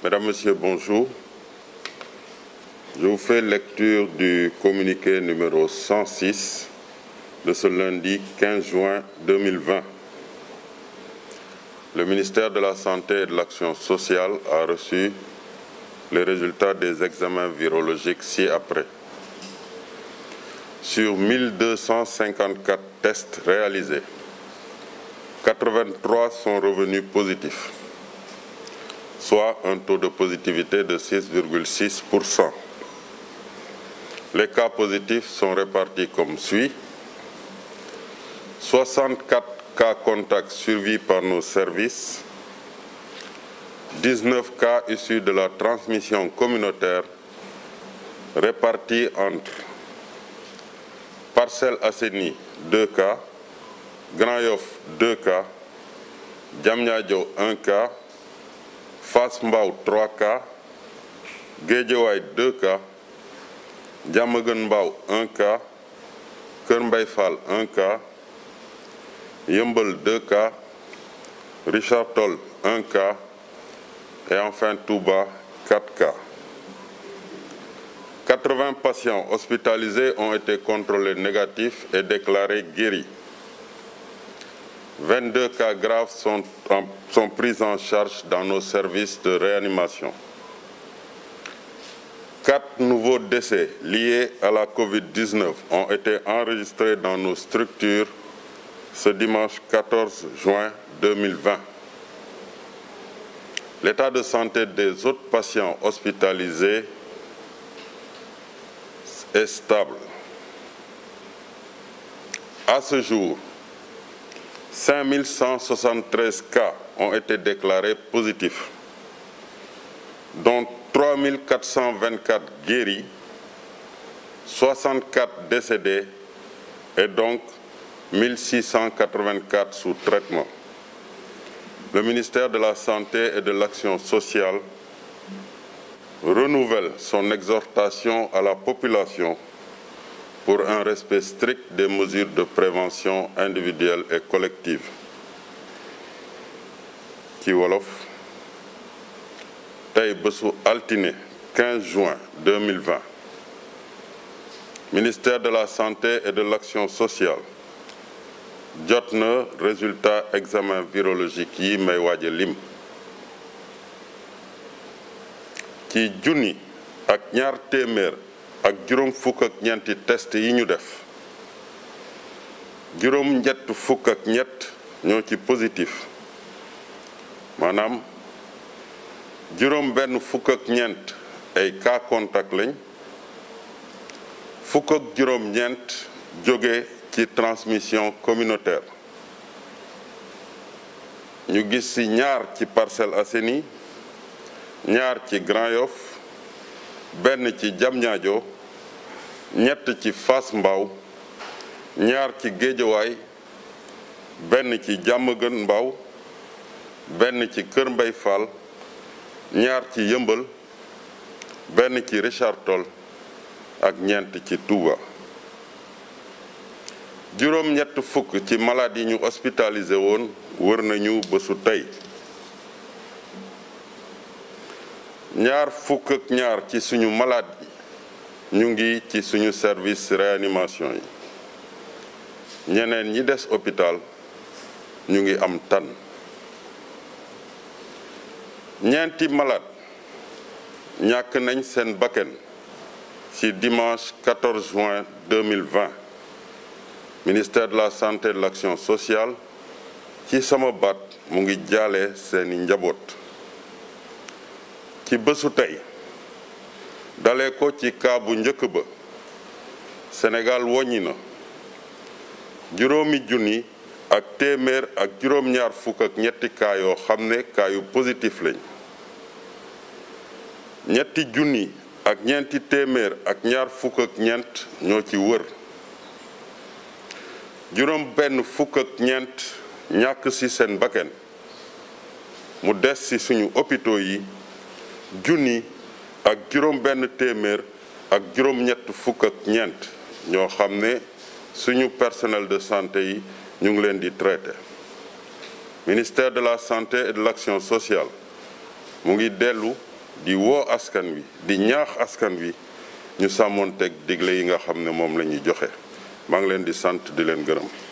Mesdames, Messieurs, bonjour. Je vous fais lecture du communiqué numéro 106 de ce lundi 15 juin 2020. Le ministère de la Santé et de l'Action sociale a reçu les résultats des examens virologiques ci-après. Sur 1254 tests réalisés, 83 sont revenus positifs soit un taux de positivité de 6,6%. Les cas positifs sont répartis comme suit. 64 cas contacts suivis par nos services, 19 cas issus de la transmission communautaire répartis entre Parcelle Asseni 2 cas, Grand Yoff 2 cas, Djamnyadjo 1 cas, Fasmbao 3 k Gejeway 2 k Diamaguène 1 k Kër 1 k Yumble 2 k Richard Toll 1 k et enfin Touba 4 k 80 patients hospitalisés ont été contrôlés négatifs et déclarés guéris. 22 cas graves sont, pris en charge dans nos services de réanimation. Quatre nouveaux décès liés à la COVID-19 ont été enregistrés dans nos structures ce dimanche 14 juin 2020. L'état de santé des autres patients hospitalisés est stable. À ce jour, 5173 cas ont été déclarés positifs, dont 3424 guéris, 64 décédés et donc 1684 sous traitement. Le ministère de la Santé et de l'Action sociale renouvelle son exhortation à la population pour un respect strict des mesures de prévention individuelle et collective. Kiwalof. wolof altine 15 juin 2020 ministère de la santé et de l'action sociale Jotne, résultat examen virologique yi may lim Ki juróom fukk ak ñeenti test yi ñu def juróom ñett fukk ak ñett ci positif Manam. juróom benn fukk ak ñeent ay cas contact lañ fukk ak juróom ñeent jóge ci transmission communautaire ñu gis ci ñaar ci Parcelles Assainies ñaar ci Grand Yoff benn ci Diamniadio ñett ci fas Mbao ñaar ci Géejawaay benn ci Diamaguène Mbao benn ci Kër Mbay Fall ñaar ci Yëmbal benn ci Richard Toll ak ñeent ci tuba juróom ñett fukk ci malade yi ñu hospitalisé woon wër nañu bésu tey ñaar ci suñu malade nous ngi ci suñu service réanimation yi ñeneen ñi des hôpital ñu ngi am tan ñeenti malade ñàkk nañ seen bakken ci dimanche 14 juin 2020 ministère de la santé et de l'action sociale ci sama baat mu ngi jaale Qui njaboot ci bésu tey dale ko ci kaabu njëkk ba senegal woññi na juróomi junni ak téeméer ak juróom-ñaar fukk ak ñetti cas yoo xam ne cas positif lañ ñetti junni ak ñeenti téeméer ak ñaar fukk ak ñeent ñoo ci wër juróom benn fukk ak ñeent ñàkk ci seen bakken mu des ci suñu hôpitaux yi junni ak juroom benn téeméer ak juróom-ñett fukk ak ñeent ñoo xam ne suñu personnel de santé yi ñu ngi leen di traité ministère de la santé et de l'action sociale mu ngi dellu di woo askan wi di ñaax askan wi ñu sàmmoon teg digle yi nga xam ne moom la ñuy joxe maa ngi leen di sant di leen gërëm